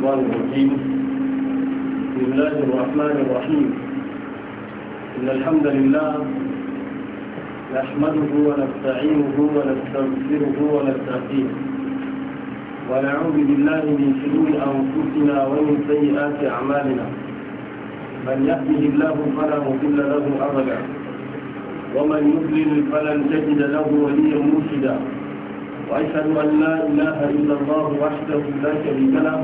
الشيطان الرجيم بسم الله الرحمن الرحيم إن الحمد لله نحمده ونستعينه ونستغفره ونستهديه ونعوذ بالله من شرور أنفسنا ومن سيئات أعمالنا من يهده الله فلا مضل له أبدا ومن يضلل فلن تجد له وليا مرشدا وأشهد أن لا إله إلا الله وحده لا شريك له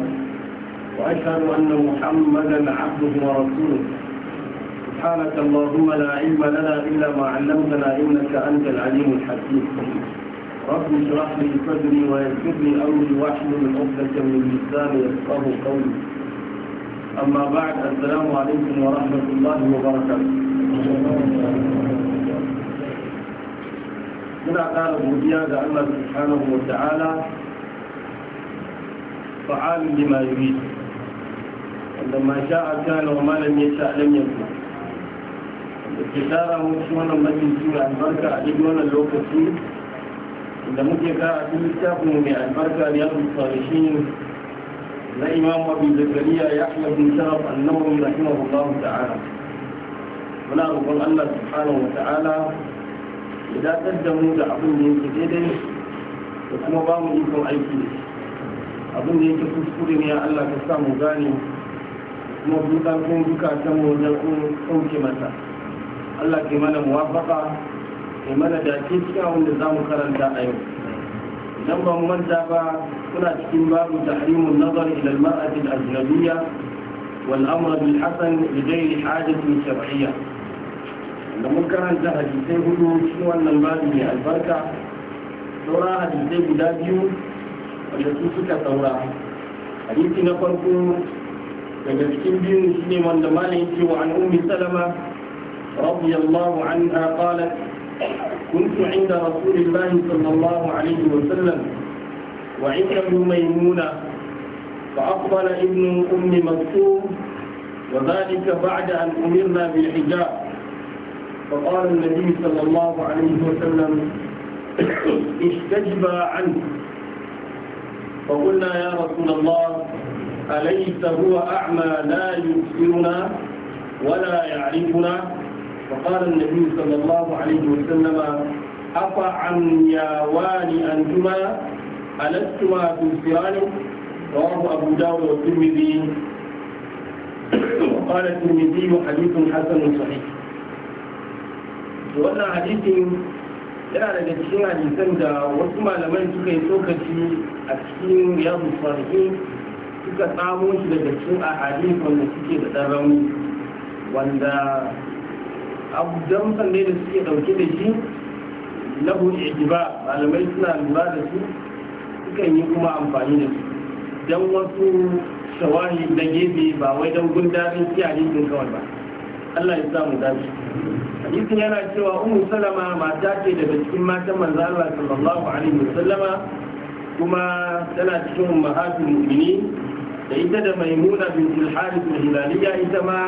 وأشهد أن محمدا عبده ورسوله سبحانك اللهم لا علم لنا إلا ما علمتنا إنك أنت العليم الحكيم رب اشرح لي صدري ويسر لي أمري واحلل عقدة من لساني يفقه قولي أما بعد السلام عليكم ورحمة الله وبركاته هنا قال ابو زياد الله سبحانه وتعالى فعال لما يريد wanda ma sha a kana wa malam ya sha alam yanzu da ke tara wasu wannan majalisi mai albarka a duk wannan lokaci da muke kara duk littafin mai albarka ne ya tsari shi na imam abu zakariya ya ahmad bin sharaf annawawi rahimahullahu ta'ala muna roƙon allah subhanahu wa ta'ala ya dakatar da mu da abin da yake daidai da kuma ba mu ikon aiki da shi abin da yake kuskure ne Allah ka samu gane kuma su ƙarfin zukatan mu wajen ɗauke mata. Allah ke mana muwafaka ke mana da ke cikin wanda za mu karanta a yau idan ba mu manta ba kuna cikin babu tahrimun nazar ila al-mar'ati al-ajnabiyya wal amr bil hasan li ghayri hajatin shar'iyya da mun karanta hadisai hudu cikin wannan babu mai albarka saura hadisai guda biyu wanda su suka saura hadisi na farko daga بن مسلم shi وعن أم سلمة رضي الله عنها قالت كنت عند رسول الله صلى الله عليه وسلم وعنده ميمونة فأقبل ابن أم مكتوم وذلك بعد أن أمرنا بالحجاب فقال النبي صلى الله عليه وسلم استجبى عنه فقلنا يا رسول الله أليس هو أعمى لا يبصرنا ولا يعرفنا فقال النبي صلى الله عليه وسلم أفعمياوان أنتما ألستما تبصران رواه أبو داود والترمذي وقال الترمذي حديث حسن صحيح wannan hadisin yana daga cikin hadisan da wasu malaman suka yi tsokaci a cikin riyadu salihin suka samo shi daga cikin ahadis wanda suke da ɗan rauni wanda abu jamsan ne da suke ɗauke da shi lahu ijiba malamai suna lura da su sukan yi kuma amfani da su don wasu shawahi da gefe ba wai don gundarin kiyaye hadisin kawai ba Allah ya sa mu dace hadisin yana cewa ummu salama mata ce daga cikin matan manzo Allah sallallahu alaihi wasallama kuma tana cikin mahafin mu'minin da ita da maimuna bintul harith al-hilaliya ita ma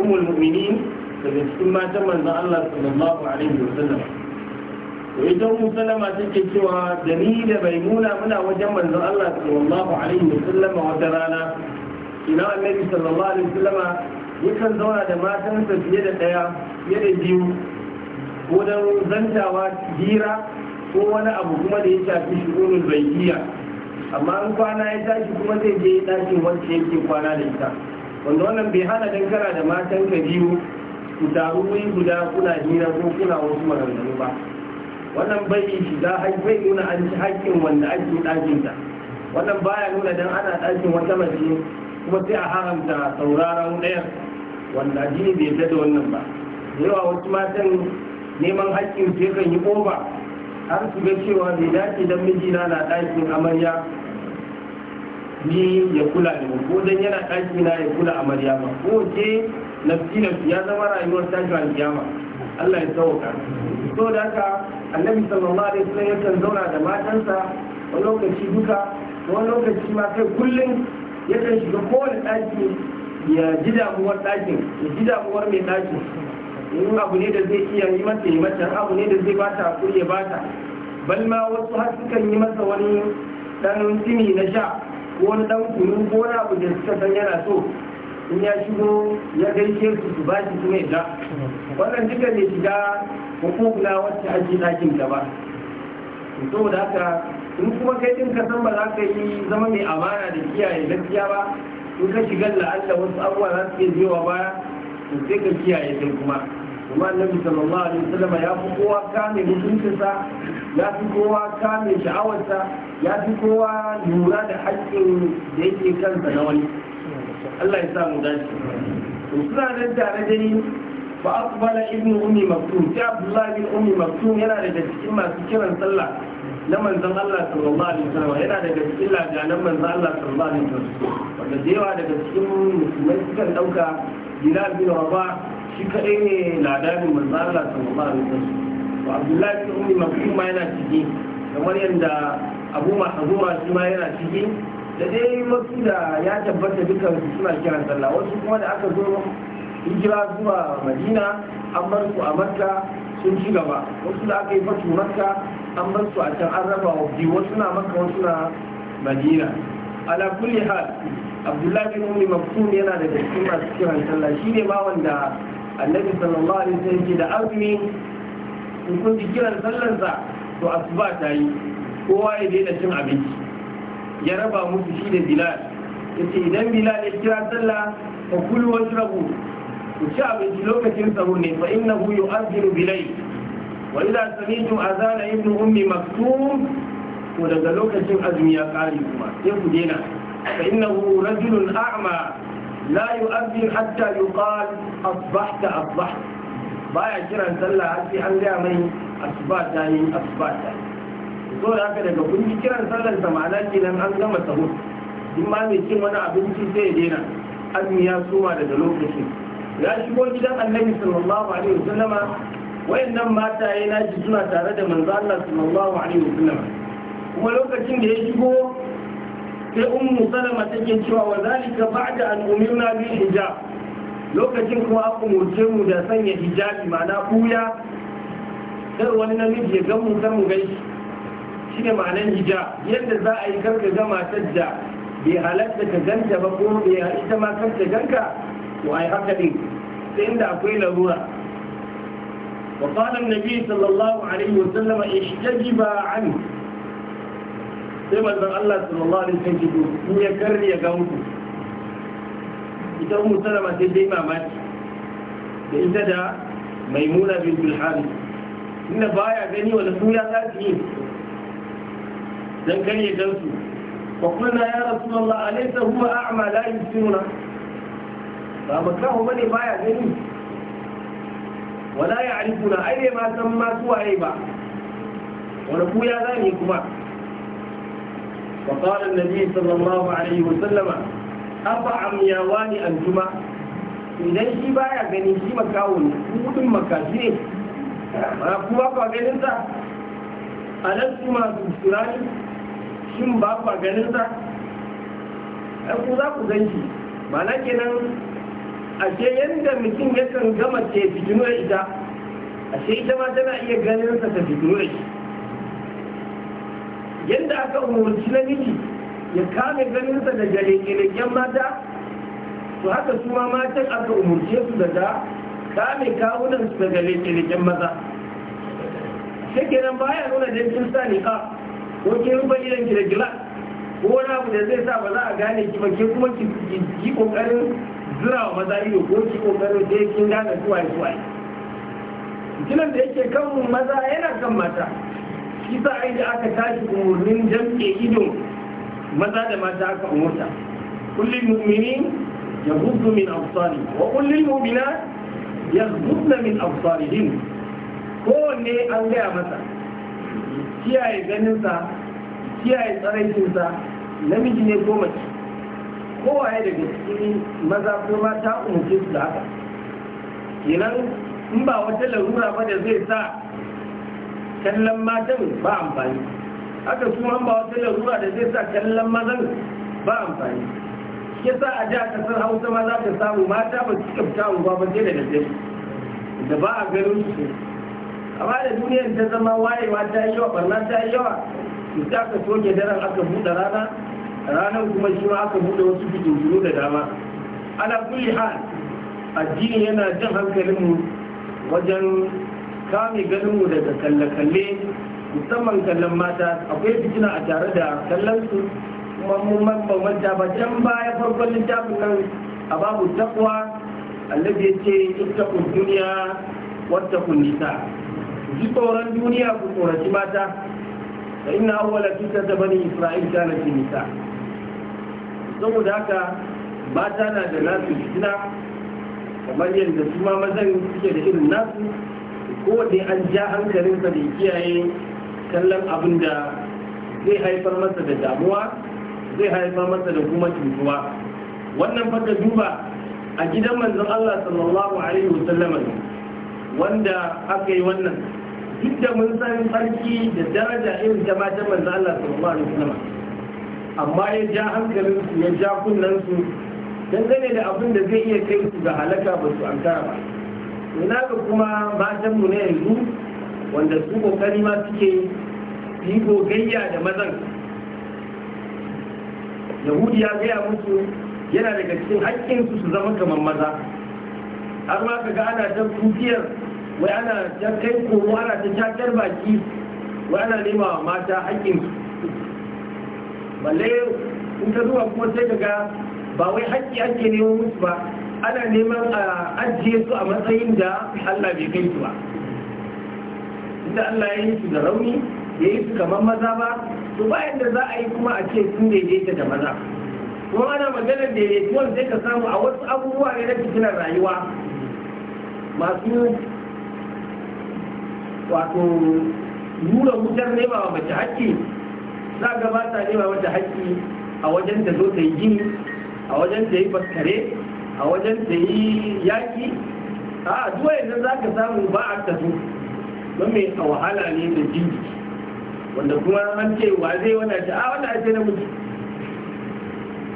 ummul mu'minin daga cikin matan manzon Allah sallallahu alaihi wa sallam to ita ummu salama take cewa da ni da maimuna muna wajen manzon Allah sallallahu alaihi wa sallam wata rana ina annabi sallallahu alaihi wa sallama yakan zauna da matansa fiye da daya fiye da biyu ko dan zantawa hira ko wani abu kuma da ya shafi shugunul bayyiya amma an kwana ya tashi kuma zai je ɗakin wacce yake kwana da ita wanda wannan bai hana dan kara da matan ka biyu ku taru wuri guda kuna hira ko kuna wasu maganganu ba wannan bai shiga bai nuna an ci haƙƙin wanda ake ɗakin ta wannan baya nuna dan ana ɗakin wata mace kuma sai a haramta sauraron ɗayan wanda addini bai yarda da wannan ba da yawa wasu matan neman haƙƙin sai kan yi ƙofa har su ga cewa bai dace dan mijina na ɗakin amarya ni ya kula da mu ko yana ɗaki na ya kula a maryama ko ke nafsila ya zama rayuwar tashi a kiyama Allah ya sauka to da haka annabi sallallahu alaihi wasallam yakan zauna da matansa wani lokaci duka wani lokaci ma kai kullum yakan shiga kowane ɗaki ya ji damuwar ɗakin ya ji damuwar mai ɗakin in abu ne da zai iya yi mata ya mata abu ne da zai bata kuri ya bata bal wasu har sukan yi masa wani ɗan tini na sha ko wani dan kunun ko ku da suka san yana so in ya shigo ya gaishe su su ba shi kuma da wannan duka ne shiga hukukuna wacce ake ɗakin ta ba to da haka in kuma kai din ka san ba za ka yi zama mai amana da kiyaye gaskiya ba in ka shiga la'alla wasu abubuwa za su iya zewa baya to sai ka kiyaye sai kuma kuma annabi sallallahu alaihi wasallam ya fi kowa kame sa ya fi kowa kame sa ya fi kowa lura da haƙƙin da yake kansa na wani Allah ya sa mu dace to suna nan tare da ni fa aqbala ibnu ummi maktum sai abdullah bin ummi maktum yana daga cikin masu kiran sallah na manzon Allah sallallahu alaihi wasallam yana daga cikin lajanan manzon Allah sallallahu alaihi wasallam wanda da yawa daga cikin musulmai sukan dauka Bilal bin Rabah shi kaɗai ne ladarin manzo Allah a alaihi su to Abdullahi ta Ummi Maktum ma yana ciki kamar yadda Abu Mahzura shi ma yana ciki da dai masu da ya tabbata dukkan su suna kiran sallah wasu kuma da aka zo hijira zuwa Madina an bar su a Makka sun ci gaba wasu da aka yi fatu Makka an bar su a can an raba wa biyu wasu na Makka wasu na Madina ala kulli hal Abdullahi bin Ummi Maktum yana da cikin masu kiran sallah shine ma wanda annabi sallallahu alaihi wasallam ke da azumi in kun ji kiran sallarsa to asuba ta yi kowa ya daina cin abinci ya raba musu shi da bilal ya idan bilal ya kira sallah fa kulu washrabu ku ci abinci lokacin sahur ne fa innahu yu'adhdhiru bilay wa idza sami'tum azana ibnu ummi maktum ko daga lokacin azumi ya kare kuma sai ku daina fa innahu rajulun a'ma la yu'addi hatta da asbahta asbahta baya kiran sallah har sai an gaya mai yi asuba ta yi so da haka daga kun kiran sallar sa ma'ana kenan an gama sahur in ma mai wani abinci zai daina azumi ya suma daga lokacin ya shigo gidan annabi sallallahu alaihi wasallama wayannan mataye na ji suna tare da manzo Allah sallallahu alaihi wasallama kuma lokacin da ya shigo sai ummu salama take cewa wa zalika ba'da an umirna bi hijab lokacin kuma an umurce mu da sanya hijabi ma'ana kuya kar wani namiji ya gan mu kar mu gaishe shi ne ma'anar hijab yadda za a yi karka ga matar da bai halatta ka ganta ba ko bai ita ma karka ganka to ai haka din sai inda akwai larura وقال nabi صلى الله عليه وسلم اجتنب عنه sai manzon Allah sallallahu alaihi wasallam ki in ya karni ya ga muku ita ummu salama sai dai mamaki da ita da maimuna bintul harith inda baya gani wala sura za ta yi dan kan ya gansu wa kulna ya rasulullah alaysa huwa a'ma la yusiruna ba makahu bane baya gani wala ya arifuna ai ma san ma suwaye ba wani kuya za ne kuma وقال النبي صلى الله عليه وسلم أفعم يا واني أنتما idan shi baya gani shi makawo ne kudin makashi ne ba kuma ba ganin sa alastu masu surani shin ba ba ganin sa ai za ku gan shi mana kenan ashe yadda mutum yakan gama ce ita ma tana iya ganin sa ta yadda aka umarci namiji ya kame ganinsa da jalekelekken mata to haka su ma matan aka umarce su daga kame kawunan su daga lekeleken maza nan baya nuna da kin sa ni ka ko ke rufe gidan ki da gila ko wani abu da zai sa ba za a gane ki ba ke kuma ki yi kokarin zura wa maza ido ko ki kokarin da kin gane suwaye suwaye kinan da yake kan maza yana kan mata kisa a da aka tashi umarnin jamke ido maza da mata aka umarta kullum mummini ya gudu min afsari wa kullum mummina ya gudu min din kowanne an gaya masa kiyaye ganinsa kiyaye tsaraicinsa namiji ne ko mace kowaye daga cikin maza ko mata umarci su da haka kenan in ba wata larura ba da zai sa kallon matan ba amfani haka su an ba wata larura da zai sa kallon mazan ba amfani ke sa a ji a kasar hausa ma za ta samu mata ba su kyauta unguwa ba sai da gaske da ba a garin su amma da duniyar ta zama wayewa ta yi yawa barna ta yi yawa su ta ka soke daren aka buɗe rana ranar kuma shi ma aka buɗe wasu fitintunu da dama ana kulli hal addini yana jan hankalin mu wajen kami ganin mu daga kalle-kalle musamman kallon mata akwai fitina a tare da kallon su kuma mu manta ba can baya farkon littafin nan a babu takwa allabi ya ce ittakun duniya wata kun nisa ji tsoron duniya ku tsoraci mata da ina awwala cutar da bani isra'il ta nafi nisa saboda haka mata na da nasu fitina kamar yadda su ma mazan suke da irin nasu kowanne an ja hankalinsa da kiyaye kallon abin da zai haifar masa da damuwa zai haifar masa da kuma cutuwa wannan fata duba a gidan manzon Allah sallallahu alaihi wasallam wanda aka yi wannan duk da mun san sarki da daraja irin ta matan manzon Allah sallallahu alaihi wasallam amma ya ja hankalin su ya ja kunnan su dangane da abin da zai iya kai su ga halaka ba su ankara ba ina ga kuma matanmu na yanzu wanda su kokari ma suke yi gayya da mazan yahudi ya gaya musu yana daga cikin haƙƙinsu su zama kamar maza har ma ka ga ana ta tutiyar wai ana ta kai komo ana ta cakar baki wai ana nema mata haƙƙinsu balle in ka zuwa kuma sai ka ga ba wai haƙƙi ake nemo musu ba ana neman a ajiye su a matsayin da Allah bai kai su ba inda Allah ya yi su da rauni ya yi su kamar maza ba to bayan da za a yi kuma a ce sun daidaita da maza kuma ana maganar da daidaituwan sai ka samu a wasu abubuwa ne na fitinar rayuwa masu wato nuna wutar nema wa mace haƙƙi za ga ba ta nema mata haƙƙi a wajen da zo ta yi gini a wajen ta yi faskare a wajen ta yi yaki a duwa yanzu za ka samu ba a tafi don mai a wahala ne da jini wanda kuma an ce wa zai wanda ce a wanda ake na mutu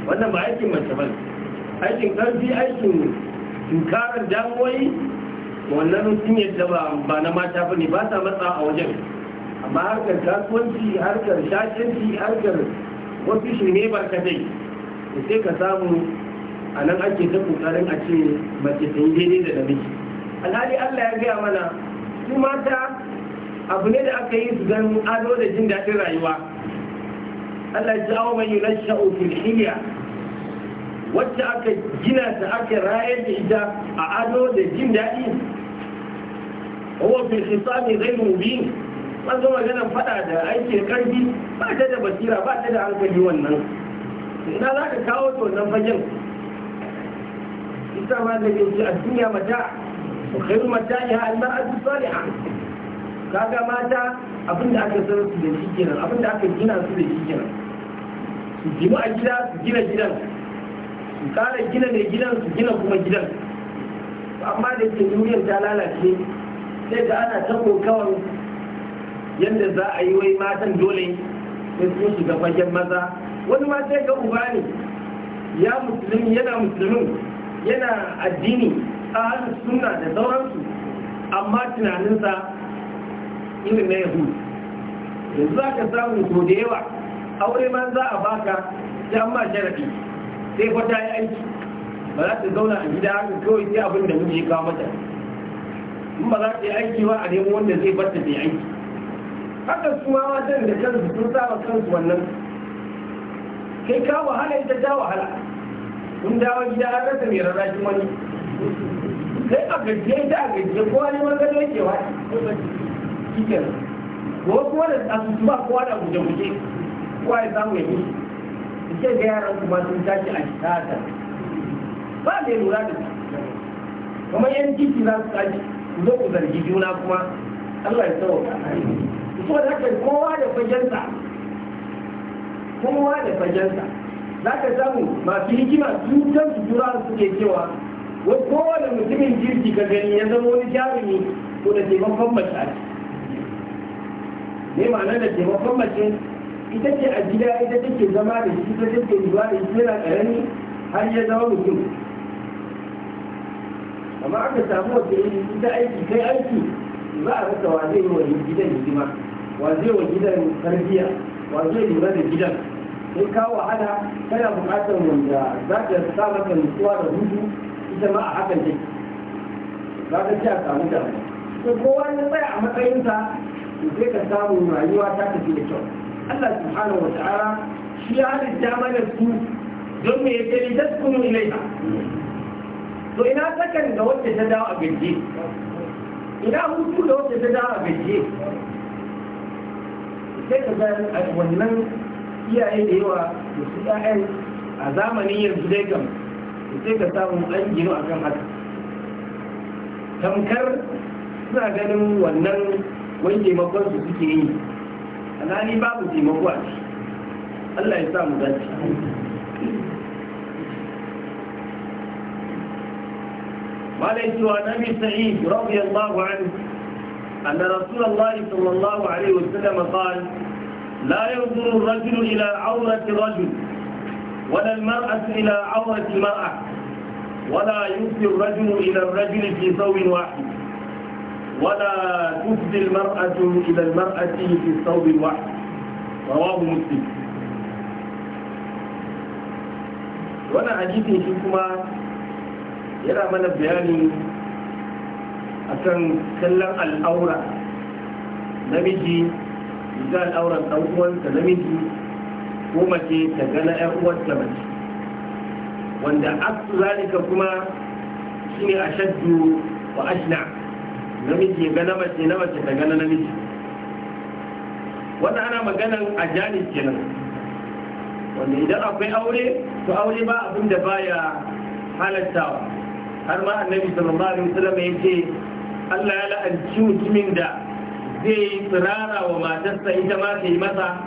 wanda ba aikin mace ba aikin karfi aikin tunkarar damuwoyi wannan sun yadda ba na mata ba ne ba sa matsa a wajen amma harkar kasuwanci harkar shashenci harkar wasu shirme barkatai da sai ka samu a nan ake ta kokarin a ce mace ta yi daidai da namiji alhali Allah ya gaya mana su mata abu ne da aka yi su don ado da jin daɗin rayuwa Allah ya ji awo mai yunar ofin hiliya wacce aka gina ta aka raye da ita a ado da jin daɗi ofin hisami zai mubi an zo ganin fada da aikin karfi ba ta da basira ba ta da hankali wannan ina za ka kawo ta wannan fagen sa الذي الدنيا a وخير mata المرأة الصالحة كذا سنة سيجينا aka جينا su da shi أجلا abinda aka gina su da shi kenan su jimu a gida su gina gidan su gina mai kuma gidan amma da ta lalace sai ana ta kokawar yadda za a yi wai matan dole sai sun shiga fagen maza wani ma sai ga uba ne ya musulmi yana musulmin yana addini a hannun suna da sauransu amma tunaninsa irin na yahu yanzu za ka samu ko da yawa aure man za a baka ta amma sharaɗi sai fa ta yi aiki ba za ta zauna a gida haka kawai sai abin da muke kawo mata in ba za ta yi aiki ba a nemo wanda zai bata ta yi aiki haka su ma wajen da kansu sun saba kansu wannan kai ka wahala ita ta wahala kun dawo gida an rasa mai shi wani sai a gajiye ta a gajiye kowa ne magana yake wa shi ke ko kuma da asusu ba kowa da guje-guje kowa ya samu ya mutu ke ga yaran kuma sun tashi a shata ba mai lura da kuma yan titi za su tashi ku zo ku zargi juna kuma Allah ya tsawo so da haka kowa da fajensa kowa da fajensa za ka samu masu hikima su kansu tura suke cewa wai kowane mutumin jirgi ka gani ya zama wani jarumi ko da taimakon mace ne ma'ana da taimakon mace ita ce a gida ita take zama da shi ta take zuwa da shi yana karami har ya zama mutum amma aka samu wata yi ita aiki kai aiki za a rasa wa zai yi wa gidan hikima wa zai wa gidan tarbiyya wa zai lura da gidan sai ka wahala kana buƙatar wanda za ta sa maka nutsuwa da hudu ita ma a hakan ne za ka ci a samu da Ko kowa ya tsaya a matsayinsa to sai ka samu rayuwa ta tafi da kyau Allah subhanahu wa ta'ala shi ya halitta mana su don me da su taskunu ilaiha to ina sakan da wacce ta dawo a gaje ina hutu da wacce ta dawo a gaje sai ka ga wannan iyaye da yawa da su ƴaƴan a zamanin yanzu dai kam sai ka samu an gino akan haka tamkar suna ganin wannan wani taimakon su suke yi alhali babu taimako a ciki Allah ya sa mu dace malai cewa nabi sa'id radiyallahu anhu anna rasulullahi sallallahu alaihi wasallam qala لا ينظر الرجل إلى عورة رجل ولا المرأة إلى عورة المرأة ولا يفضي الرجل إلى الرجل في ثوب واحد ولا تفضي المرأة إلى المرأة في ثوب واحد رواه مسلم وانا حديثي shi يرى من البياني أكن كلا kallon نبيجي ga auren ɗan uwansa namiji ko mace ta gana na ƴan uwarta mace wanda aksu zalika kuma shine ashaddu wa ashna namiji ya ga na mace na mace ta gana namiji wannan ana maganan a janis kenan wanda idan akwai aure to aure ba abin da baya halattawa har ma annabi sallallahu alaihi wasallam ya ce Allah ya la'anci mutumin da zai yi tsirara wa matarsa ita ma ta yi masa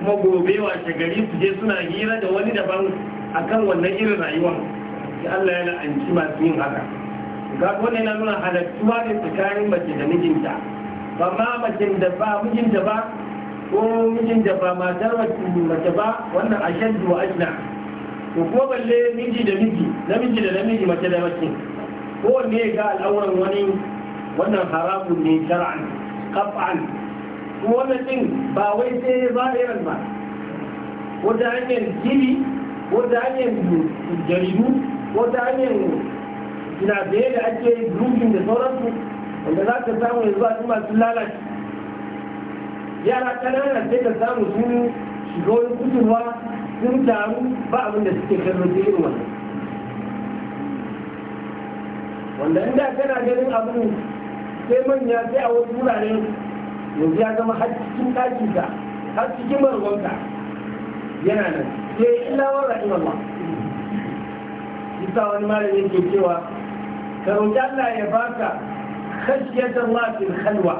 kuma gobe wa shagari su je suna hira da wani daban akan wannan irin rayuwa. da Allah ya la'anci masu yin haka ga kone na nuna halattuwa da tsakanin mace da mijinta ba ma macin da ba mijinta ba ko mijin da ba matar mace ba wannan ashaddu wa ajna to ko balle miji da miji namiji da namiji mace da mace kowanne ya ga al'auran wani wannan haramun ne shar'an qat'an kuma wannan din ba wai sai zahiran ba wata hanyar gini wata hanyar jaridu wata hanyar sinadarai da ake rubin da sauransu wanda za ka samu yanzu a kuma sun lalace yara kanana sai ka samu sun shigo wani kusurwa sun taru ba abin da suke kallo sai wannan wanda inda kana ganin abin sai manya sai a wasu wurare yanzu ya zama har cikin ɗakinka har cikin barwanka yana nan sai eh, illa wa rahim Allah isa wani malami yake cewa ka roƙi Allah ya baka khashiyat Allah fil khalwa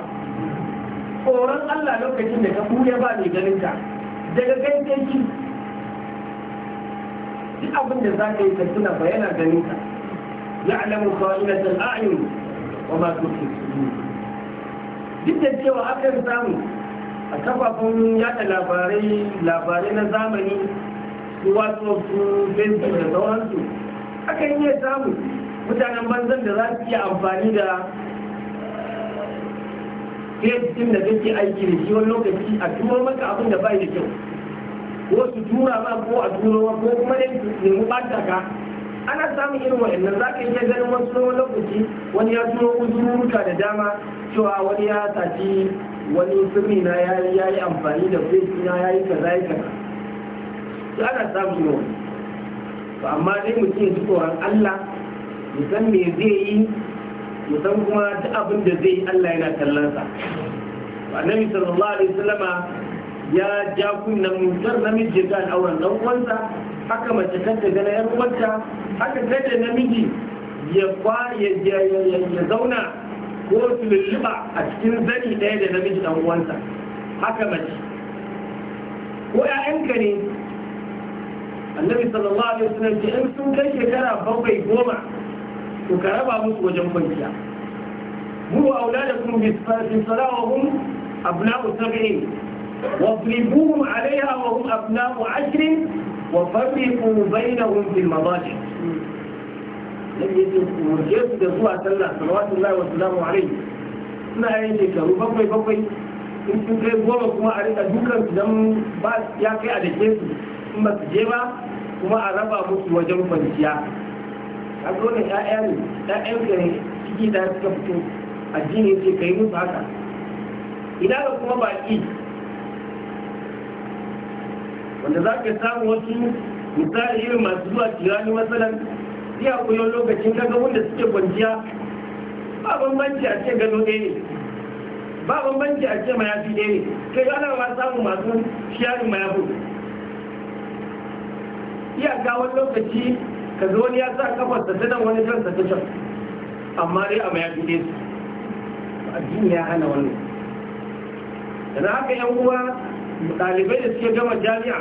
tsoron Allah lokacin da ka buya ba mai ganin ka daga kai sai ki duk abin da za ka yi ka tuna ba yana ganin ka ya'lamu khawinatul a'yun wa ma duk da cewa akan samu a kafafen yada labarai labarai na zamani su wasu su facebook da sauransu akan iya samu mutanen banzan da za su iya amfani da facebook da kake aiki da shi wani lokaci a turo maka abin da bai da kyau ko su tura ma ko a turo ko kuma ne su nemi ɓata ka ana samun irin wa'annan za ka iya ganin wasu lokaci wani ya turo uzururuka da dama cewa wani ya saci wani sirri na ya yi amfani da fesu na ya yi kaza ya kaza su ana samun irin wani amma dai mutum ya ji tsoron Allah ya san me zai yi ya san kuma duk abin da zai yi Allah yana kallon sa annabi sallallahu alaihi wasallama ya ja kunnan mutar namiji ga al'auran dan uwansa haka mace kan ta gana yan uwarta haka da namiji ya ya zauna ko su lulluɓa a cikin zani ɗaya da namiji ɗan wanta, haka mace ko ƴaƴanka ne annabi sallallahu alaihi wasallam ce in sun kai shekara bakwai goma to ka raba musu wajen kwanciya mu auladakum bi salawahum abna'u sab'in واضربوهم عليها وهم أبناء عشر وفرقوا بينهم في المضاجع لم يتقوا جيسوا جسوا أتلا صلوات الله وسلامه عليه suna yin shekaru bakwai bakwai in sun kai goma kuma a rika dukan su don ba ya kai a dake su in ba su je ba kuma a raba musu wajen kwanciya a dole ya'ya ne ya'yan ka ne ciki da suka fito addini ce kai musu haka ina da kuma baki wanda za ka samu wasu misali irin masu zuwa tirani matsalan iya kuyo lokacin kaga wanda suke kwanciya ba bambanci a ce gano ɗaya ne ba bambanci a ce mayafi ɗaya ne kai ana ma samu masu shiyarin mayafi iya kawo wani lokaci ka zo wani ya sa kafar ta nan wani kan ta can amma dai a mayafi ɗaya su addini ya hana wannan da haka yan uwa ɗalibai da suke gama jami'a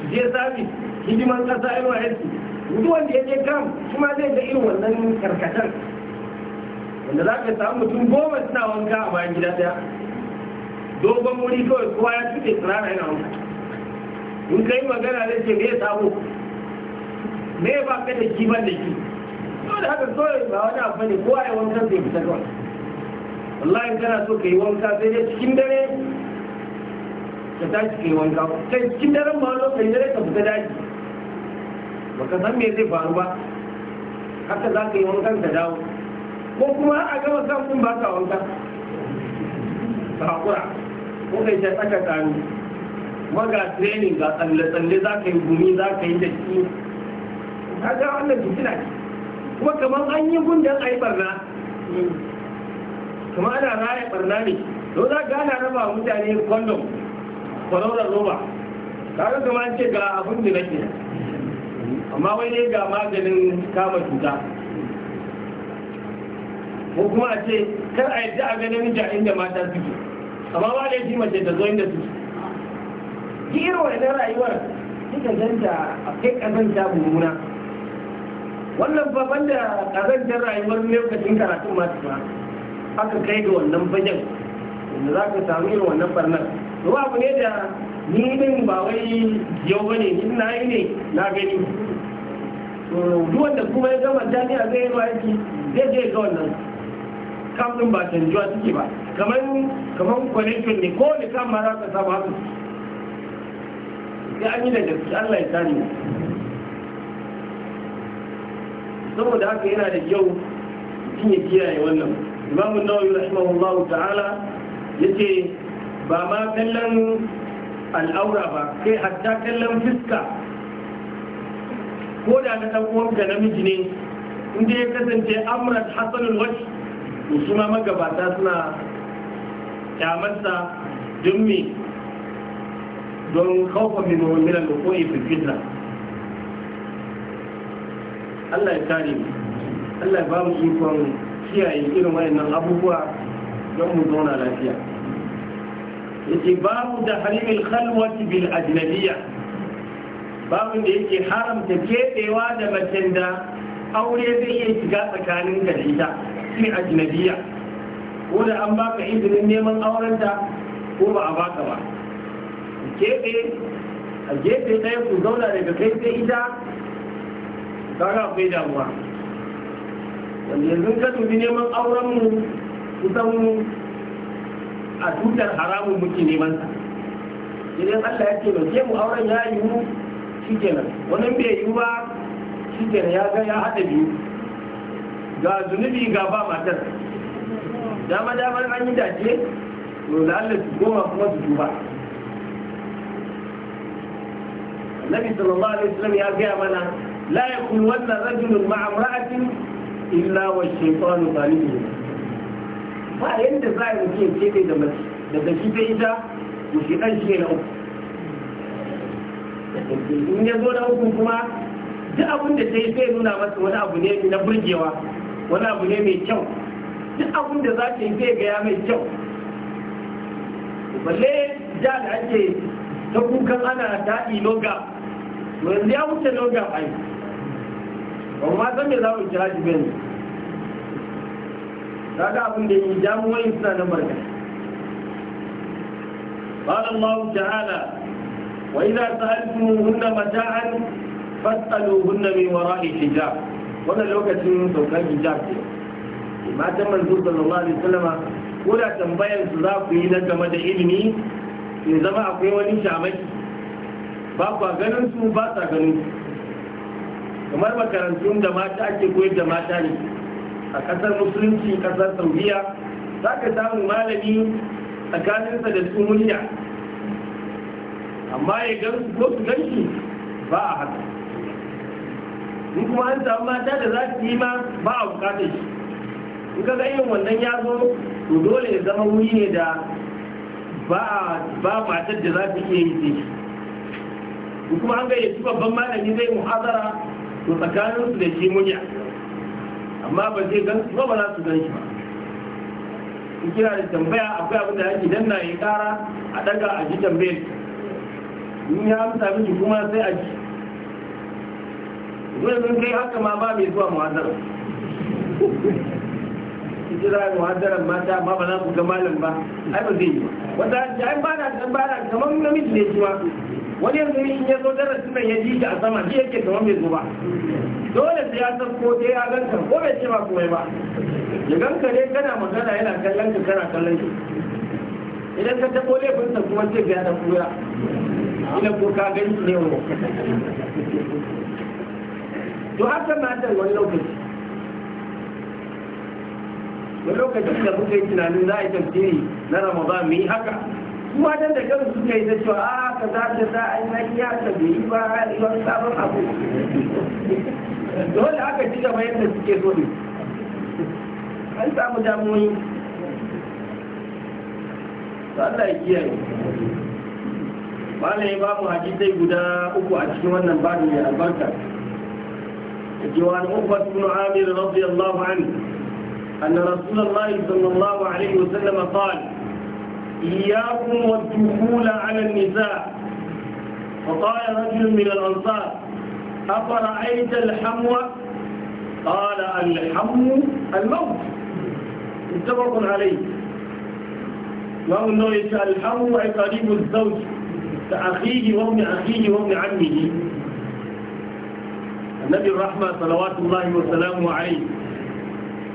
su je zaɓi hidiman ƙasa nysc duk wanda ya je kam kuma zai ga irin wannan karkatar wanda za ka samu mutum goma suna wanka a bayan gida daya dogon wuri kawai kowa ya tuɗe tsirara yana wanka in kai magana zai ce ya sabo me ba ka da ki ban da ki dole haka so ba wani abu ne kowa ya wanka zai fita kawai wallahi kana so ka yi wanka sai dai cikin dare ka tashi kai wanka kai cikin daren ma zo kai dare ka fita daji baka san me zai faru ba haka za ka yi wankan ka dawo ko kuma a gama sa kun ba ka wanka ka hakura ko kai ta tsaka tsani ga training ga tsalle-tsalle za ka yi gumi za ka yi da shi kaga wannan fitina ce kuma kamar an yi gundan a yi barna kamar ana raya barna ne don za ga ana raba mutane kondom kwararren roba kaga kama an ce ga abin da nake amma wai ne ga maganin kama cuta ko kuma a ce kar a yadda a ganin ja da mata suke amma ba da yaji mace da zoyin da su ki irin idan rayuwar suka zanta a kai ta mummuna wannan fa banda kazantar rayuwar lokacin karatun masu ba aka kai ga wannan fagen. da za ka samu irin wannan barnar to ba ne da ni din ba wai yau bane ni na yi ne na gani duk wanda kuma ya gama jami'a zai yi aiki zai je ga wannan kamfin ba canjuwa suke ba kamar kamar connection ne ko wani kan ma za ka samu haka sai an yi da gaske Allah ya tani saboda haka yana da kyau mutum ya kiyaye wannan imamu nawawi rahimahullahu ta'ala yace ba ma kallon al'aura ba kai hatta kallon fiska ko da na ɗan uwanka namiji ne inda ya kasance amurat hassan wasu to su ma magabata suna kyamarsa don don kawfa min milan da koyi fi Allah ya kare mu Allah ya ba mu ikon kiyaye irin wayannan abubuwa don mu zauna lafiya yake babu da halimin khalwati bil ajnabiya babu da yake haramta keɓewa da macen da aure zai iya shiga tsakanin ka da ita shi ajnabiya ko da an baka izinin neman aurenta ko ba a baka ba keɓe gefe ku zauna daga kai sai ita kaga akwai damuwa neman auren mu a tutar haramun muke neman sa idan Allah ya ce ke mu auren ya yi yiwu shi kenan wani bai yi ba shi kenan ya ga ya haɗa biyu ga zunubi ga ba matar dama damar an yi dace to da Allah su goma kuma su duba Nabi sallallahu alaihi wasallam ya gaya mana la yakun wannan rajulun ma'a imra'atin illa wa shaytanu qalibun ba yadda za a yi mutum keɓe da mace daga shi ta ita da shi ɗan shi na uku in ya zo na uku kuma duk abin da ta yi sai nuna masa wani abu ne na burgewa wani abu ne mai kyau duk abin da za ta yi sai gaya mai kyau balle ja da ake ta kukan ana daɗi loga yanzu ya wuce loga ai ba ma zan me za mu kira shi bane kaga abin da yake damuwoyin suna nan barka قال الله تعالى وإذا سألتموهن متاعا فاسألوهن من وراء حجاب wannan lokacin saukar hijab ce matan manzo sallallahu alaihi wasallama ko da tambayar su za ku yi na game da ilimi ya zama akwai wani shamaki ba kwa ganin su ba sa ganin kamar makarantun da mata ake koyar da mata ne a ƙasar musulunci ƙasar saudiya za ka samu malami tsakaninsa da murya amma ya gan ko su gan shi ba a haka in kuma an samu mata da za su yi ma ba a bukatar shi in ka ga irin wannan ya zo to dole ya zama wuri ne da ba a matar da za su iya yi ce shi kuma an ga ya babban malami zai muhazara to tsakaninsu da shi murya amma ba zai gan su ba za su gan shi ba in kira da tambaya akwai abin da yake danna ya kara a daga a ji tambayar in ya amsa miki kuma sai a ji zai zan kai haka ma ba mai zuwa muhadara kira da mata ma ba za ku ga malam ba ai ba zai yi ba wata ai ba na kamar namiji ne shi ma wani yanzu in ya zo darasin nan ya ji shi a sama shi yake kamar mai zuba dole sai ya san ko dai ya ganka ko bai ce ba kuma ba ya ganka ne kana magana yana kallon ka kana kallon shi idan ka taɓo laifinsa kuma sai ga yana kura ina ko ka gani ne wa to haka ta wani lokaci wani lokacin da muka yi tunanin za a yi tafsiri na ramadan mu yi haka kuma dan da gaba suka yi da cewa ah, a ka za ta za a yi na iya bai yi ba yawan sabon abu dole aka ci gaba yadda suke so ne an samu damuwoyi Allah ya kiyaye malai babu hadisai guda uku a cikin wannan babu mai albarka جوان عقبة بن عامر رضي الله عنه أن رسول الله صلى الله عليه وسلم قال إياكم والدخول على النساء فقال رجل من الأنصار أفرأيت الحمو قال الحمو الموت متفق عليه ما هو النوع الحمو أي قريب الزوج كأخيه وابن أخيه وابن عمه النبي الرحمة صلوات الله وسلامه عليه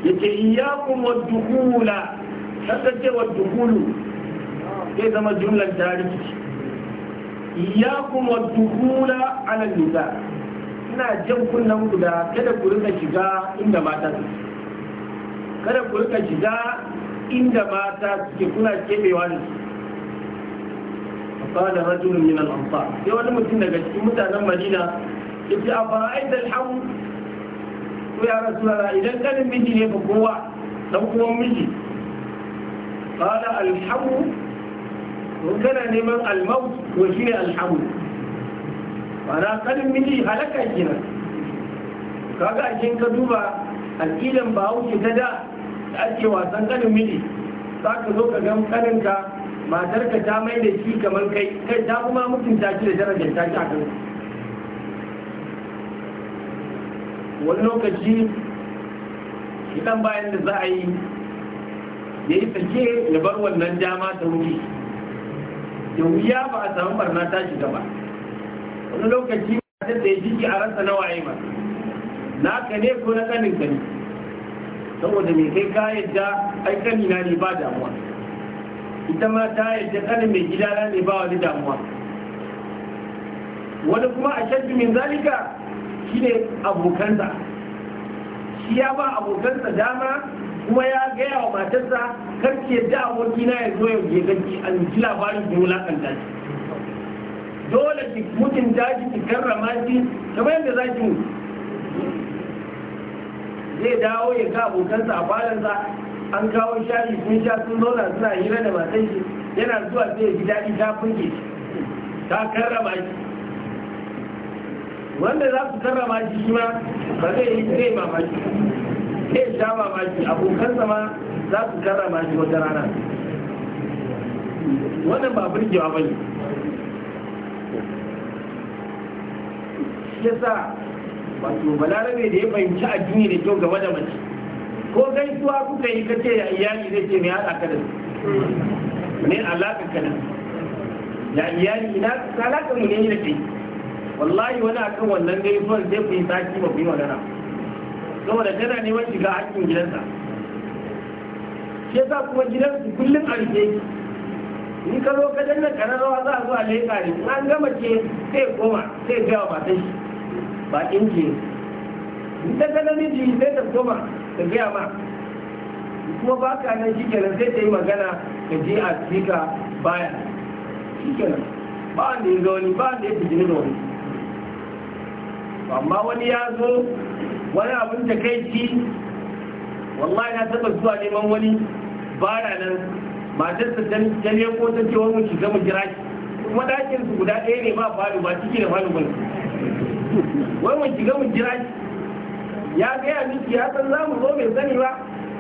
يتي إياكم والدخول حتى والدخول zai zama jumlar tarihi ya kuma duhula ala nisa ina jan kunnen ku da kada ku rika shiga inda mata su kada ku rika shiga inda mata suke kuna kebewa da su da قال رجل من الأنصار wani mutum daga cikin mutanen Madina yace a fara'aita alhamu ko ya rasulullah idan kanin miji ne ba kowa dan uwan miji qala alhamu mun kana neman almaut wa shi ne ma'ana kanin miji halaka gina kaga a cikin ka duba alƙilan ba wuce ta da da ake wasan kanin miji za ka zo ka gan kaninka ka ta mai da shi kamar kai kai ta kuma mutunta shi da darajar ta shi a kan wani lokaci idan bayan da za a yi ya yi sake ya bar wannan dama ta wuce da wuya ba a samu barna ta shiga ba wani lokaci ba ta da jiki a rasa na waye ba na ka ne ko na kanin ka ne saboda mai kai ka yadda ai kani na ne ba damuwa ita ma ta yadda kanin mai gida na ne ba wani damuwa wani kuma a shaddu min zalika shine abokansa shi ya ba abokansa dama kuma ya gaya wa matarsa karke da aboki na ya zo ya je ganci an ji labarin da wulakanta shi dole ki mutunta shi ki karrama shi kamar yadda za ki zai dawo ya ga abokansa a falansa an kawo shari sun sha sun na suna hira da matan shi yana zuwa sai ya ji daɗi ta funke shi ta karrama shi wanda za su karrama shi ma ba zai yi zai mamaki sai sha mamaki abokan zama za su kara mashi wata rana wannan ba burgewa ba ne Ya yasa wato balarabe da ya fahimci addini da kyau game da mace ko gaisuwa kuka yi kace ya iyali zai ce mai haɗa ka da ne alaƙa ka da ya iyali ina ka alaƙa mu ne da kai wallahi wani akan wannan gaisuwar zai fi sa saki ba fi magana saboda tana neman shiga hakkin gidansa shi yasa kuma gidansu kullum a rike ni ka zo ka danna kararrawa za a zo a leƙa ne an gama ce sai koma sai gaya wa matan shi ba inji in ta ga miji sai ta koma ta gaya ma kuma ba ka nan shi kenan sai ta yi magana ka je a sika baya shi kenan ba wanda ya ga wani ba wanda ya fi jini da wani amma wani ya zo wani abin da kai ci wallahi na taba zuwa neman wani bara nan matar dan jale ko ta ce wani shiga mu jira shi kuma dakin su guda ɗaya ne ba faru ba ciki da faru bane wai mu shiga mu jira shi ya gaya miki ya san za mu zo mai sani ba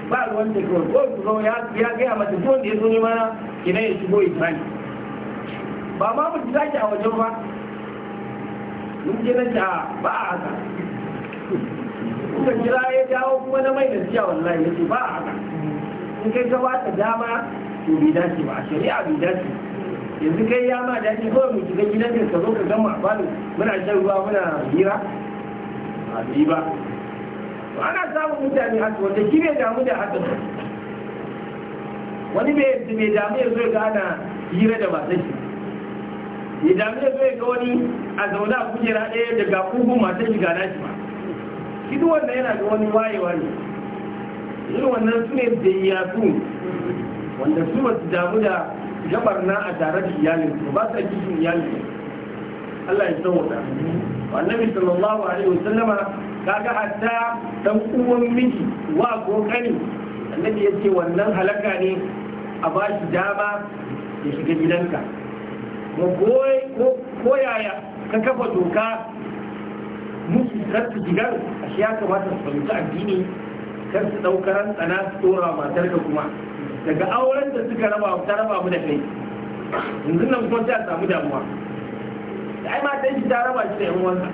ba ruwan da kawai ko su zo ya gaya mata duk wanda ya zo ne mana ina ya shigo ya tsani ba ma mu jira shi a wajen ba mun je nan ta ba a haka kuka jira ya dawo kuma na mai gaskiya wallahi yace ba a haka in kai ka bata dama to bai dace ba shari'a bai dace yanzu kai ya ma dace kawai mu shiga gidan ka ka zo ka gama a falo muna shan ruwa muna hira a bi ba to ana samun mutane haka wanda shi bai damu da haka wani bai damu ya zo ga ana hira da matan ya dami da zai doni wani a zaune a kujera ɗaya daga kugu masu shiga nashi ba shi duk wanda yana da wani wayewa ne irin wannan su ne da yasu wanda su ba su damu da gabar na a tare da iyalin su ba sa kishin iyalin Allah ya wannan annabi sallallahu alaihi wasallama kaga hatta dan uwan miji wa kokari annabi yace wannan halaka ne a shi dama ya shiga gidanka mu koyaya ka kafa doka musu kar su shigar a shi ya kamata su fahimci addini kar su ɗaukar tsana su tsora matar ka kuma daga auren da suka raba ta raba mu da kai yanzu nan kuma sai a samu damuwa da ai matan shi ta raba shi da yan uwansa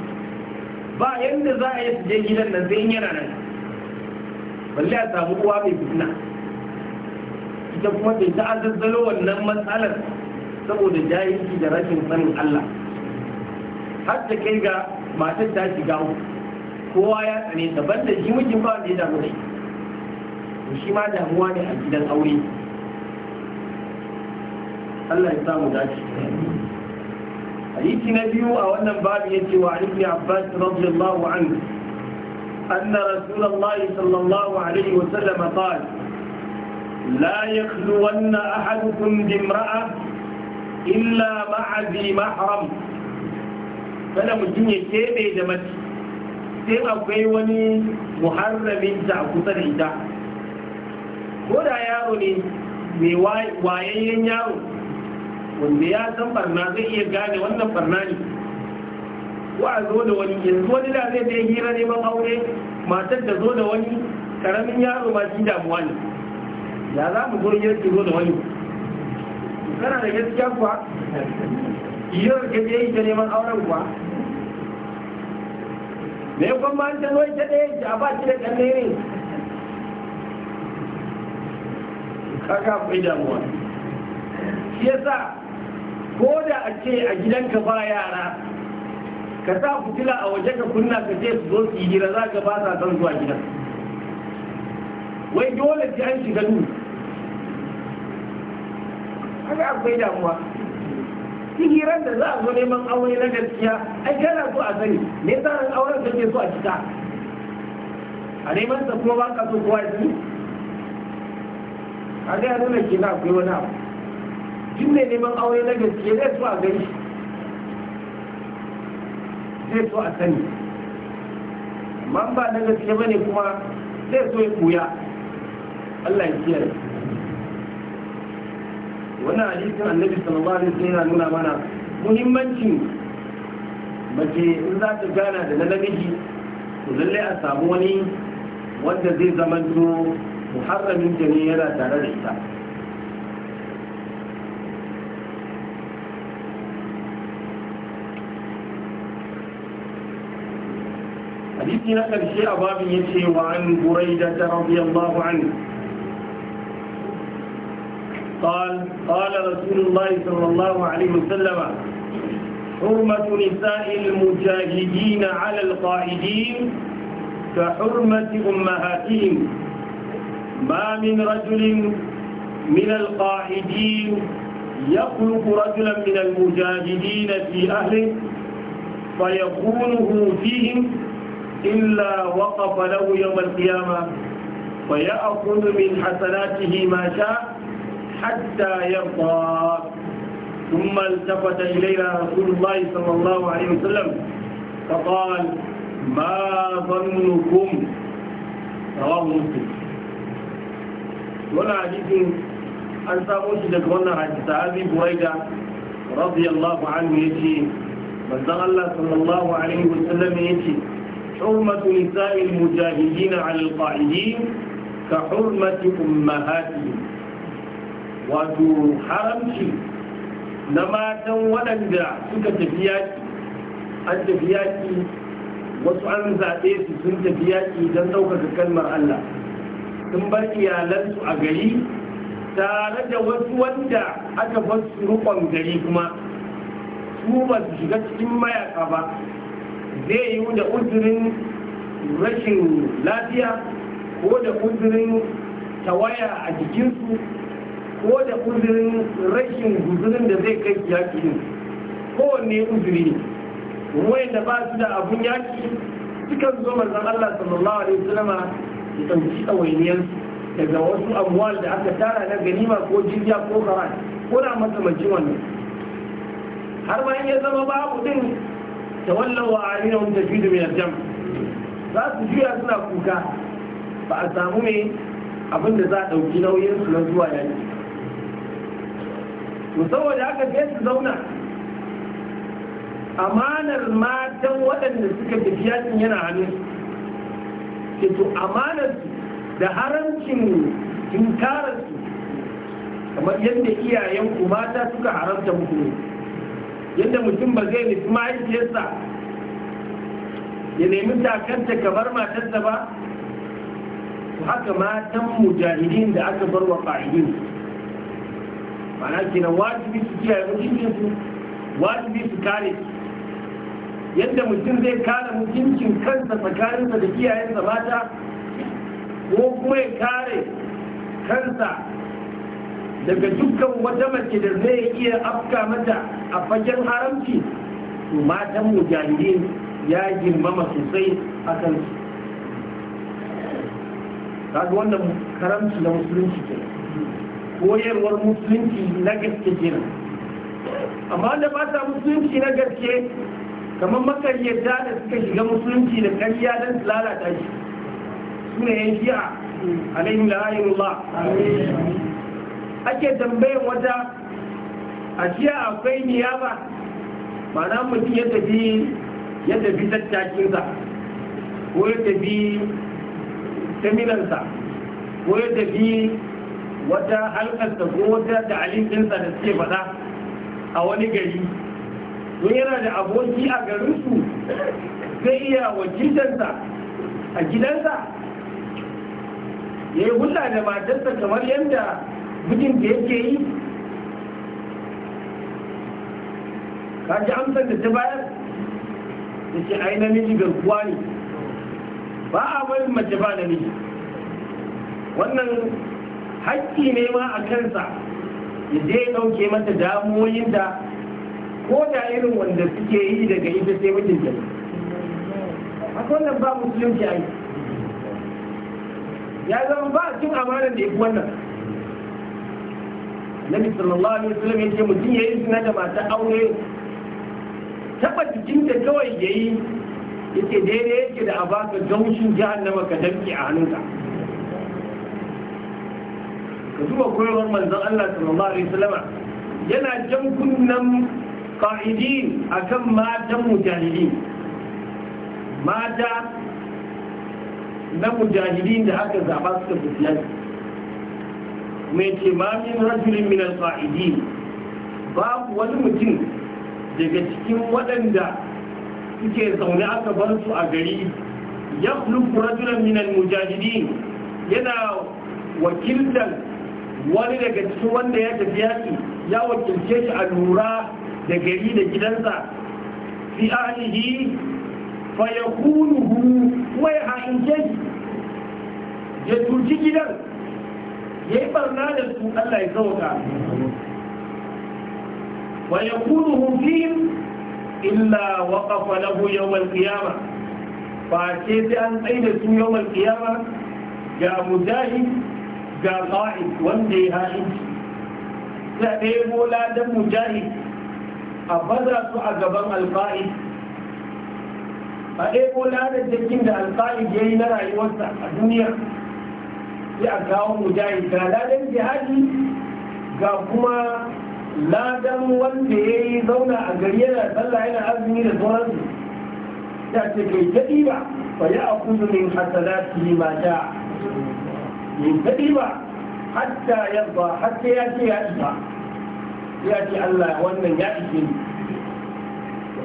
ba yadda za a yi su je gidan nan sai in yana nan balle a samu uwa mai fitina ita kuma bai ta azazzalo wannan matsalar saboda jahilci da rashin sanin Allah har ta kai ga matar ta shiga kowa ya tsane ta banda shi mijin ba wanda ya damu da shi shi ma damuwa ne a gidan aure Allah ya samu dace hadisi na biyu a wannan babu ya ce wa ibn Abbas radiyallahu أن رسول الله صلى الله عليه وسلم قال لا يخلون أحدكم بامرأة illa ma'azi mahram kada mutum ya keɓe da mace sai akwai wani muharramin ta a kusa da ita ko da yaro ne mai wayayyen yaro wanda ya san barna zai iya gane wannan barna ne ko a zo da wani yanzu wani da zai ta hira neman aure matar da zo da wani karamin yaro ma shi damuwa ne ya za mu gurin yanzu zo da wani kana da gaskiya kuwa yau ka je yi ta neman auren kuwa me kwan ma ta zo ta ɗaya a ba da ƙanne ne kaka akwai damuwa shi yasa ko da a ce a gidanka ba yara ka sa fitila a waje ka kunna ka je su zo su yi hira za ka ba sa son zuwa gidan wai dole sai an shiga nuna kaga akwai damuwa sihiran da za a zo neman aure na gaskiya ai kana so a sani me yasa an auren ke so a cika a neman sa kuma ba ka so kowa ji a ga nuna ke akwai wani abu duk ne neman aure na gaskiya zai so a gani zai so a sani amma ba na gaskiya bane kuma zai so ya koya Allah ya kiyaye wannan hadisin annabi sallallahu alaihi wasallam yana nuna mana muhimmancin mace in za ta gana da na namiji to lalle a samu wani wanda zai zamanto muharramin ta ne yana tare da ita حديثنا كان شيء أبابي يشي وعن بريدة رضي الله عنه قال قال رسول الله صلى الله عليه وسلم حرمة نساء المجاهدين على القائدين كحرمة أمهاتهم ما من رجل من القائدين يخلق رجلا من المجاهدين في أهله فيكونه فيهم إلا وقف له يوم القيامة فيأخذ من حسناته ما شاء حتى يرضى ثم التفت إلينا رسول الله صلى الله عليه وسلم فقال ما ظنكم رواه مسلم ولا عجيب أن سأمشي لك ونا حديث أبي بريدة رضي الله عنه يجي من الله صلى الله عليه وسلم يجي حرمة نساء المجاهدين على القاعدين كحرمة أمهاتهم wato haramci na matan waɗanda suka tafi yaƙi an tafi yaƙi wasu an zaɓe su sun tafi yaƙi don ɗaukaka kalmar Allah sun bar iyalansu a gari tare da wasu wanda aka basu rukon gari kuma su ba su shiga cikin mayaka ba zai yi da uzurin rashin lafiya ko da uzurin tawaya a jikinsu ko da uzurin rashin guzurin da zai kai yaƙi ne kowanne uzuri ne wayan da ba su da abun yaƙi sukan zo da Allah sallallahu alaihi wasallama ya ɗauki ɗawainiyarsu daga wasu amwal da aka tara na ganima ko jirya ko karat ko na wani wannan har ma in ya zama babu din ta wallan wa alina wani tafi da mai jam za su juya suna kuka ba a samu mai abin da za a ɗauki nauyin su na zuwa yanki to saboda haka sai su zauna amanar matan waɗanda suka tafi yakin yana hannun su to amanar da haramcin tinkarar su kamar yadda iyayen ku mata suka haramta muku ne yadda mutum ba zai nufi mahaifiyarsa ya nemi takanta kamar matarsa ba haka matan mujahidin da aka bar wa ƙa'idin mana kenan wajibi su kiyaye mutuncinsu su wajibi su kare yadda mutum zai kare mutuncin kansa tsakaninsa da iyayensa mata ko kuma ya kare kansa daga dukkan wata mace da zai iya afka mata a fagen haramci to matan mujahidin ya girmama sosai a kansu kaga wannan karamci na musulunci kenan koyarwar musulunci na gaske kenan amma da ba sa musulunci na gaske kamar makaryata da suka shiga musulunci da karya don su lalata shi su ne yan shi'a alaihim ake tambayin wata a shi'a akwai niyaba ma'ana mutum ya tafi ya tafi tattakinsa ko ya tafi seminansa ko ya tafi wata halkar da ko wata ɗinsa da suke faɗa a wani gari don yana da aboki a garinsu zai iya wakiltarsa a gidansa ya yi hulɗa da matarsa kamar yadda da yake yi ka ji amsar da ta bayar da ce ai namiji garkuwa ne ba a bari mace ba miji wannan hakki ne ma a kansa ya je ɗauke mata damoyin da ko da irin wanda suke yi daga ita sai mijinta ne a wannan ba musulunci a yi ya zama ba a cin amana da ya wannan nabi sallallahu alaihi wasallam ya ce mutum ya yi suna da mata aure taba jikinta kawai ya yi ya ce daidai yake da a baka jihar na ka damke a hannunka ku duba koyarwar manzon Allah sallallahu alaihi wasallam yana jan kunnan qa'idin akan matan mujahidin mata na mujahidin da aka zaba suka fitiyar mai ce ma min rajulin min babu wani mutum daga cikin waɗanda suke zaune aka bar su a gari ya kulufu rajulan min almujahidin yana wakiltar wani daga cikin wanda ya tafi yaƙi ya wakilce shi a lura da gari da gidansa fi ahlihi fa hu wa ya haince shi ya tuci gidan ya yi barna da su Allah ya sauka wa yakunuhu fihim illa waqafa lahu yawm al-qiyamah fa ce sai an tsaye da su yawm al-qiyamah ga mujahid ga ƙa'id wanda ya haɗu, sai ɗebo ladan mujahid a baza su a gaban alƙa'id a ɗebo ladan jirgin da alƙa'id ya yi na rayuwarsa a duniya sai a kawo mujahid ga ladan jihadi ga kuma ladan wanda ya yi zauna a gari yana sallah yana azumi da sauransu ya ce kai ta ɗiba ba ya akuzu min hasanatihi ma ja'a yi kaɗi ba hatta yabba hatta ya ce ya isa ya ce Allah wannan ya ishe ni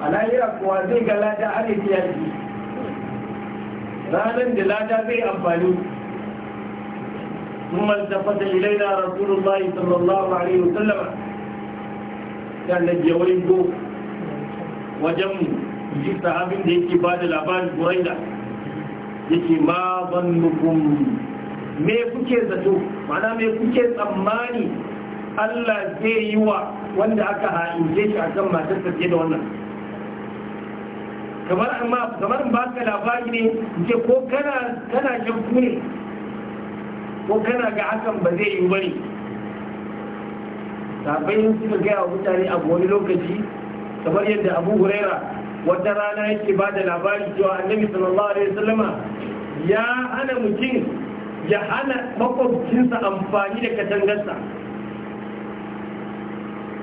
a lahira kuwa zai ga lada har ya ya ishe ranar da lada zai amfani ثم sallallahu alaihi wa sallama. صلى الله عليه وسلم كان يويب وجم في صحاب ده يكي بعد الأبان بريدة يكي ما ظنكم me kuke zato mana me kuke tsammani Allah zai yi wa wanda aka ha'ince shi a kan matar fiye da wannan kamar amma kamar ba ka labari ne ce ko kana kana shakku ne ko kana ga hakan ba zai yi ba bane sabai suka gaya wa mutane a wani lokaci kamar yadda abu huraira wata rana yake ba da labari cewa annabi sallallahu alaihi wasallama ya hana mutum ya hana makwabcinsa amfani da katangarsa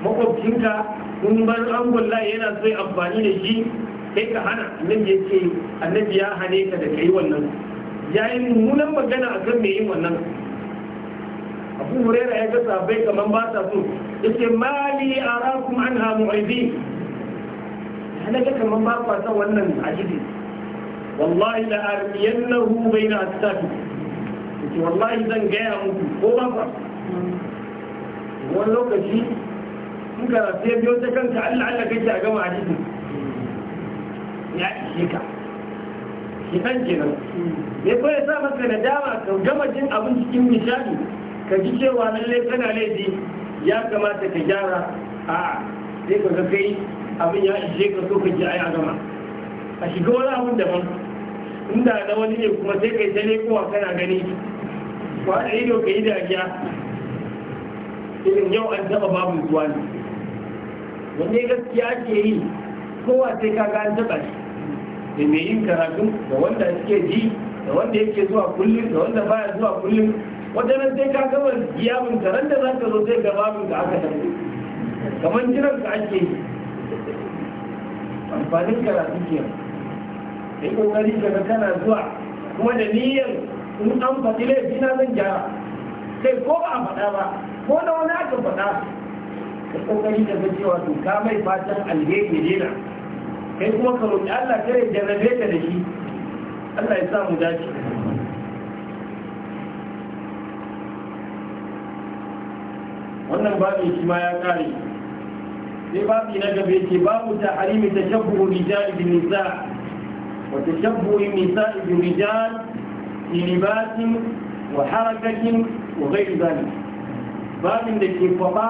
makwabcinka kun bar angola yana so ya amfani da shi sai ka hana annabi ya ce annabi ya hane ka da kai wannan ya yi mummunan magana a kan mai yin wannan abu hurera ya ga sabai kamar ba sa so ya ce mali a rakun an hamu aibi ya na ga kamar ba kwasa wannan ajiyar wallahi da armiyannahu bai na ce wallahi zan gaya muku ko ba ba wani lokaci in karatu ya biyo ta kanka allah allah kake a gama hadisin ya ishe ka ki san kenan me ko ya sa maka dama ka gama jin abin cikin nishadi ka ji cewa lalle kana laifi ya kamata ka gyara a sai ka ga kai abin ya ishe ka so ka ji ai a gama a shiga wani abin daban inda na wani ne kuma sai kai ta ne kowa kana gani ba da ido ka yi dariya irin yau an taba babu zuwa ne wanda ya gaskiya ke yi kowa sai ka ga an taba shi da mai yin karatu da wanda suke ji da wanda yake zuwa kullum da wanda baya zuwa kullum wata nan sai ka gama giyamin ka ran da za ka zo sai ga babin da aka tafi kamar jiran ka ake yi amfanin karatu ke yi kokari ka kana zuwa kuma da niyyar in an faɗi laifi na zan gyara sai ko ba a faɗa ba ko na wani aka faɗa ka kokari da ga cewa to ka mai fatan alheri ne na kai kuma ka roƙi Allah kare jarrabe ka da shi Allah ya sa mu dace wannan babin shi ma ya kare sai babi na gaba ce babu ta harimi ta shabbu rijal bin nisa wa ta shabbu bin rijal في لباس وحركة وغير ذلك باب da ke kwaba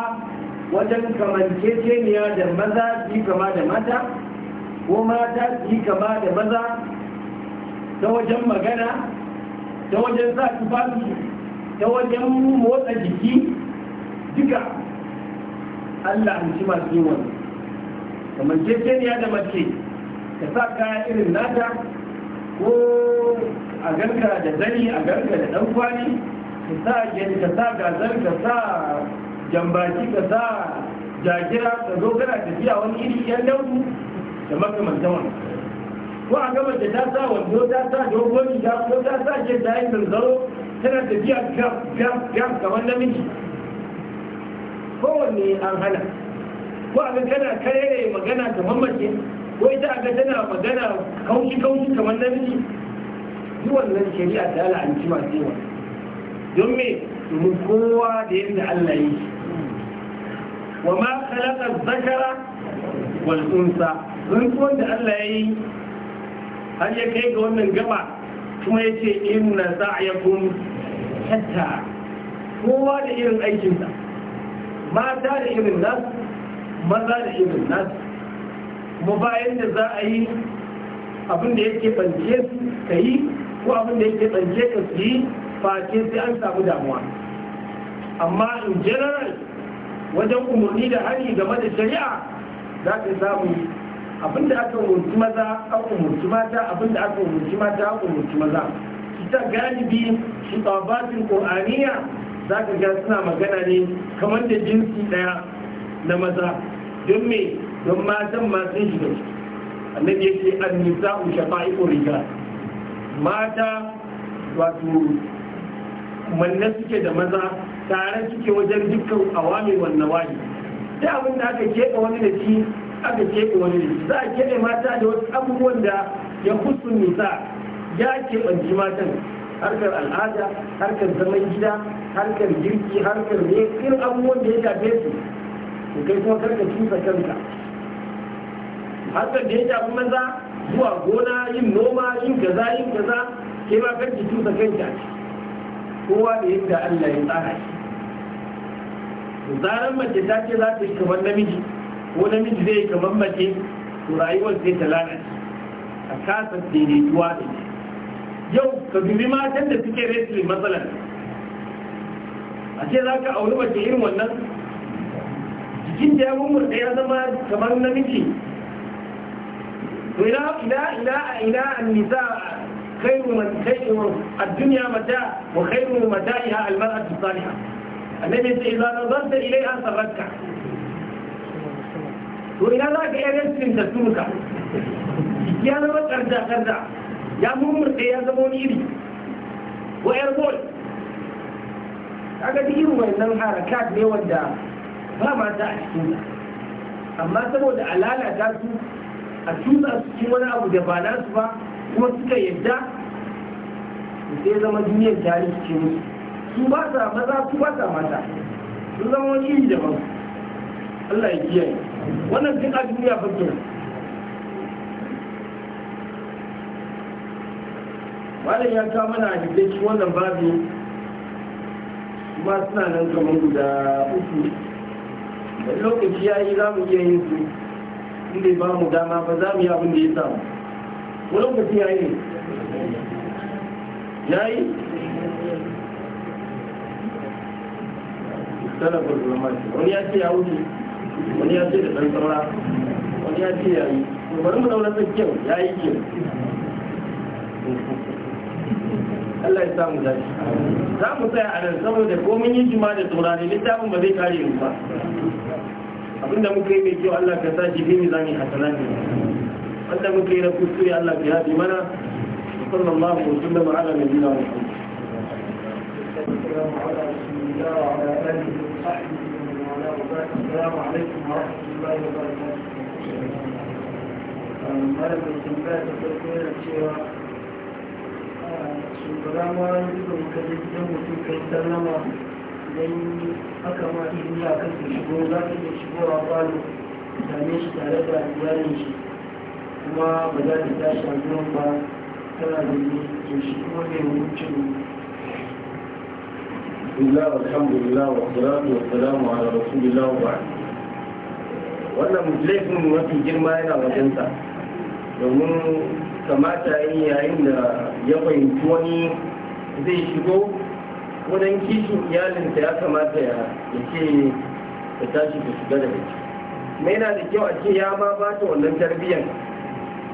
wajen kamanceceniya da maza yi kama da mata ko mata yi kama da maza ta wajen magana ta wajen sa tufafi ta wajen motsa jiki duka allah an ci masu wani kamanceceniya da mace sa kaya irin nata ko a garka da zani a garka da ɗan ka sa gani ka sa gazar ka sa jambaki ka sa jagira ka zo kana tafiya wani iri yan dauku da makamantan wani ko a gaba da ta sa wando ta sa dogon riga ko ta sa ke da yin zanzaro tana tafiya gam gam gam kamar namiji kowanne an hana ko a ga kana kare magana kamar mace ko ita a ga tana magana kaushi kaushi kamar namiji shi wannan shari'a ta la'anci masu yawa don me domin kowa da yadda Allah yi wa ma khalaqa zakara wal unsa rantsuwan da Allah ya yi har ya kai ga wannan gaba kuma ya ce inna sa'yakum shatta kowa da irin aikin aikinsa mata da irin nasu maza da irin nasu kuma bayan da za a yi abin da yake bance su ka yi ko abin da yake tsanke ka su yi face sai an samu damuwa amma in general wajen umarni da hari game da shari'a za ka samu abin da aka umarci maza an umarci mata abin da aka umarci mata an umarci maza ita galibi shi tsabatin ƙoraniya za ka ga suna magana ne kamar da jinsi ɗaya na maza don me don matan masu shiga ciki annabi yake an nisa'u shafa'i riga mata wato manne suke da maza tare suke wajen dukkan awami wannan wani da abin da aka keɓe wani da shi aka keɓe wani da shi za a keɓe mata da wasu abubuwan da ya kusu nisa ya keɓanci matan harkar al'ada harkar zaman gida harkar girki harkar ne irin abubuwan da ya shafe su kai kuma karka cusa kanka harkar da ya shafi maza zuwa gona yin noma yin kaza yin kaza ke ma kan ki kan kanka kowa da yadda Allah ya tsara shi zaran mace ta ce za ta yi kamar namiji ko namiji zai yi kamar mace to rayuwar sai ta lalace a kasa daidaituwa da ita yau ka dubi matan da suke wrestling matsalar a ce za ka auri mace irin wannan jikin da ya mummurta ya zama kamar namiji إلى إلى إلى إلى النساء خير من خير الدنيا متاع وخير متاعها المرأة الصالحة النبي إذا نظرت إليها سرتك وإلى ذاك أرسل تسلك يا نبت أرجع أرجع يا ممر يا زبون إيدي وإربول kaga duk irin wannan harakat ne wanda ba ma أما a cikin amma a tuka su cikin wani abu da ba nasu ba kuma suka yadda sai zama duniyar ta rikice musu su ba sa maza su ba sa mata sun zama wani iri daban Allah ya kiyaye wannan duk a duniya fa malam ya kawo mana a shi wannan babu kuma suna nan kamar guda uku da lokaci ya yi za mu iya yin su shi bai ba mu dama ba za mu yi abin da ya samu wani lokaci ya yi ne ya yi salafar zulamati wani ya ce ya wuce wani ya ce da ɗan saura wani ya ce ya yi bari mu daura sai kyau ya yi kyau Allah ya samu dashi za mu tsaya a nan saboda ko mun yi juma da taurari littafin ba zai kare mu ba abinda muke yi mai kyau Allah ka sa shi zan yi hasanati wanda muke yi kusu ya Allah ka yafi mana sallallahu alaihi wa sallam ala nabiyina Muhammad السلام عليكم ورحمة الله وبركاته. ملك cewa shugaban wani da muka ji mutum kai sallama idan aka ma izini a kan shigo za su iya shigowa falo same shi tare da iyalin shi kuma ba za ta tashi a gurin ba tana da ne to shi kuma mai hukuncin Bismillah alhamdulillah wa salatu wa salamu ala rasulillah wa wannan laifin mafi girma yana wajensa domin kamata yayin da ya fahimci wani zai shigo wajen kishin iyalinta ya kamata ya ce ta tashi ta shiga da ciki mai yana da kyau a ce ya ma ba ta wannan tarbiyyar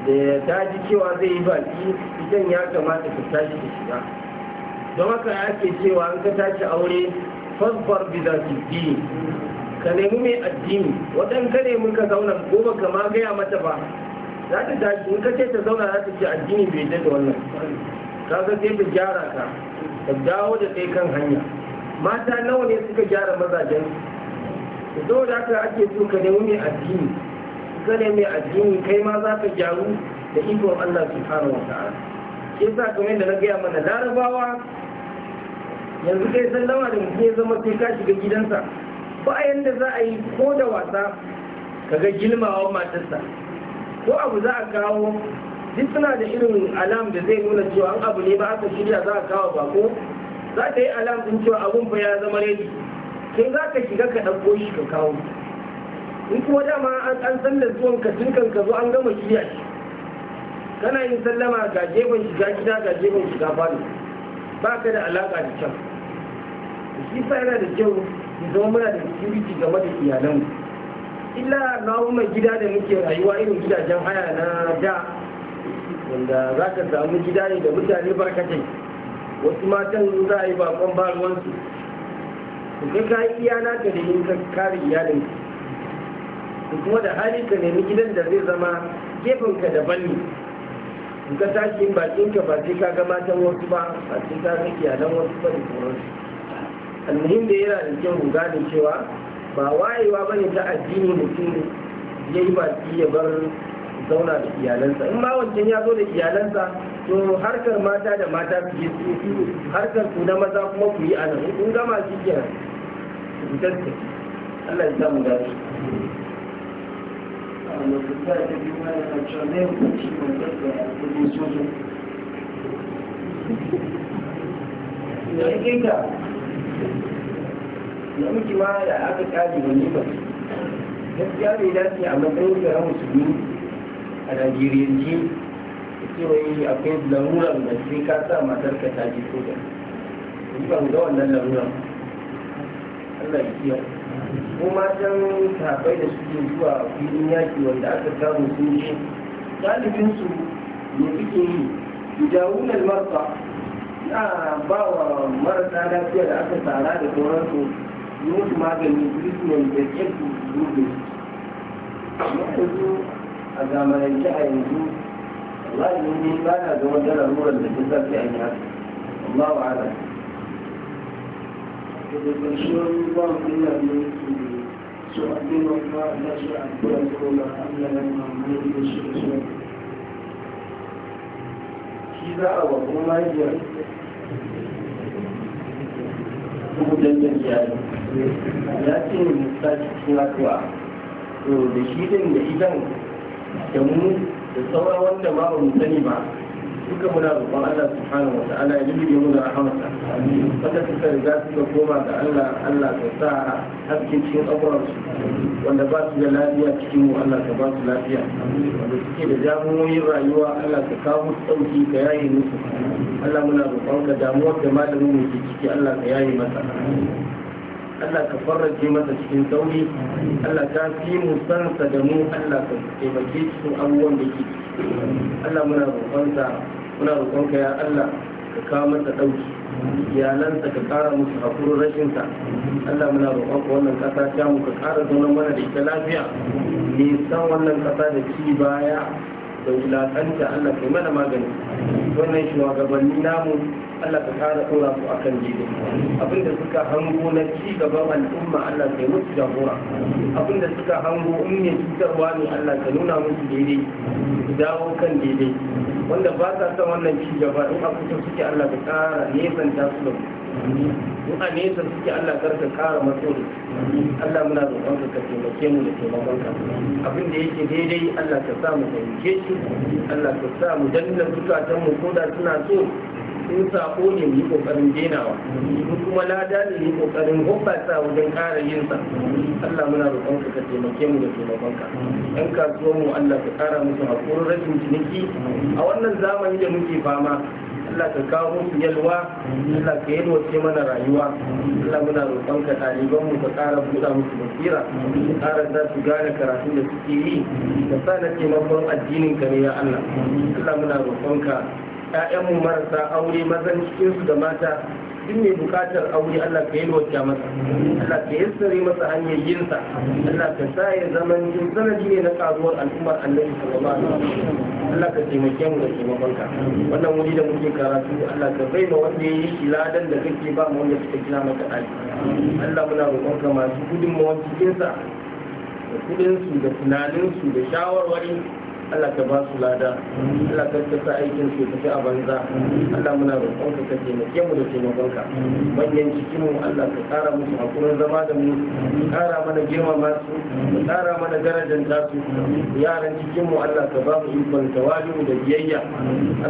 da ya daji cewa zai yi baki idan ya kamata ta tashi ta shiga don haka ke cewa an ka tashi aure fasfar bizar bizantini ka nemi mai addini wadan ka nemi ka zauna ko ka ma gaya mata ba za ta tashi in ka ce ta zauna za ta ce addini bai da wannan kaga sai ta gyara ka da dawo da kai kan hanya mata nawa ne suka gyara mazajen su da haka ake so ka nemi mai addini ka nemi mai addini kai ma za ka gyaru da ikon Allah subhanahu wa ta'ala shi yasa kamar da na gaya mana larabawa yanzu kai sallama da mutum ya zama sai ka shiga gidansa bayan da za a yi ko da wasa Ka ga gilmawa matarsa ko abu za a kawo duk suna da irin alam da zai nuna cewa an abu ne ba aka shirya za a kawo bako za ta yi alam din cewa abun ba ya zama ready sai za ka shiga ka ɗauko shi ka kawo in kuma dama an san da zuwan ka tun kan ka zo an gama shirya shi kana yin sallama ga gefen shiga gida ga gefen shiga falo ba ka da alaƙa da can shi sa yana da kyau ki zama muna da security game da iyalanmu illa na gida da muke rayuwa irin gidajen haya na da wanda za ka samu gida ne da mutane barkatai wasu matan za a yi bakon baruwansu su ka kayi iya ka da yin ka kare iyalin kuma da hali ka nemi gidan da zai zama gefen ka daban ne su ka tashi in bakin ka ba sai ka ga matan wasu ba ba sai ka ga iyalan wasu ba da sauransu almuhim da yana da kyau mu gane cewa ba wayewa bane ta addini mutum ya yi baki ya bar zauna da iyalansa in ma wancan ya zo da iyalansa to harkar mata da mata su yi su harkar ku na maza kuma ku yi anan in gama shi kenan ku gaske. Allah ya samu dace da da muke ma da aka kaji wani ba gaskiya bai dace a matsayin garin musulmi a najeriyance cewa akwai lamuran da sai ka sa matar ka ta ji soja in ba ga wannan lamuran Allah ya kiyar ko matan tafai da suke zuwa filin yaki wanda aka samu sun ce galibin su ne suke yi yujawun marfa, na ba wa marasa lafiya da aka tsara da sauransu yi musu magani treatment da ƙirƙi yanzu a zamanance a yanzu yi ni ba na zama wata ruwan da ta zafi a yi amma wa ala da ƙarshen ba mu ina ne su addinin ba na shi addu'a ko na Allah ya mamaye da shi da shi shi za a wa kuma yiyar kuma dangan iyali ya ce mu sa cikin addu'a to da shi din da idan da mu da sauran wanda ba mu sani ba duka muna roƙon Allah subhanahu wa ta'ala ya lubuge mu da rahmatsa wanda suka riga suka koma ga Allah Allah ta sa haske cikin kaburin wanda ba su da lafiya cikin mu Allah ka ba su lafiya wanda suke da damuwoyin rayuwa Allah ka kawo musu sauki ka yaye musu Allah muna roƙon ka damuwar da malamin mu ke ciki Allah ka yaye masa Allah ka farraje masa cikin sauri Allah ta fi mu da mu Allah ka taimake cikin abubuwan da ke Allah muna roƙonsa muna roƙonka ya Allah ka kawo masa ɗauki iyalansa ka ƙara musu hakurin rashinsa Allah muna roƙonka wannan ƙasa ta mu ka ƙara zaune mana da ita lafiya nisan wannan ƙasa da ci baya da wulaƙanta Allah kai mana magani wannan shugabanni namu Allah ka kara ɗora su a kan jini abinda suka hango na ci gaban al'umma Allah kai musu jagora abinda suka hango in ne cutarwa ne Allah ka nuna musu daidai su dawo kan daidai wanda ba sa son wannan ci gaba in a kusa suke Allah ka kara nesan ta su da in a nesa suke Allah kar ka kara matsori Allah muna roƙon ka taimake mu da taimakon ka abin da yake daidai Allah ka sa mu taimake shi Allah ka sa mu danna zukatan mu ko da suna so sun sako ne mu yi kokarin denawa in kuma lada ne mu yi kokarin hobbasa wajen kara yin sa Allah muna roƙon ka ka taimake mu da taimakon ka ɗan kasuwar mu Allah ka kara musu haƙurin rashin ciniki a wannan zamani da muke fama Allah ka kawo musu yalwa Allah ka yi wace mana rayuwa Allah muna roƙon ka ɗaliban mu ka kara buɗa musu basira ka kara za su gane karatu da suke yi ka sa na taimakon addinin ka ne ya Allah Allah muna roƙon ka ƴaƴanmu marasa aure mazan cikinsu da mata duk mai bukatar aure Allah ka yi yalwata masa Allah ka yi yassare masa hanyar yinsa Allah ka sa ya zama jin sanadi ne na karuwar al'ummar annabi sallallahu alaihi wasallam Allah ka taimake mu da taimakonka wannan wuri da muke karatu Allah ka bai ma wanda ya yi ladan da kake ba mu wanda suka kira maka dai Allah muna roƙonka masu gudunmawar cikinsa da kuɗinsu da tunaninsu da shawarwari Allah ka ba su lada Allah ka sa aikin su tafi a banza Allah muna roƙonka ka taimake mu da taimakonka manyan cikin Allah ka ƙara musu hakurin zama da mu ka ƙara mana girmama su ka ƙara mana darajar darajanta su yaran cikin mu Allah ka ba mu ikon tawali'u da biyayya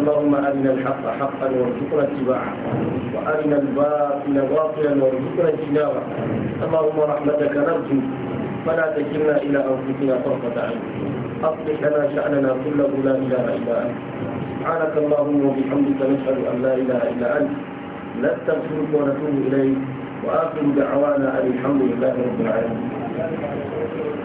اللهم أرنا الحق حقا وارزقنا اتباعه وأرنا الباطل باطلا وارزقنا اجتنابه اللهم رحمتك نرجو فلا تكلنا إلى أنفسنا طرفة عين أصلح لنا شأننا كله لا إله إلا أنت سبحانك اللهم وبحمدك نشهد أن لا إله إلا أنت نستغفرك ونتوب إليك وآخر دعوانا أن الحمد لله رب العالمين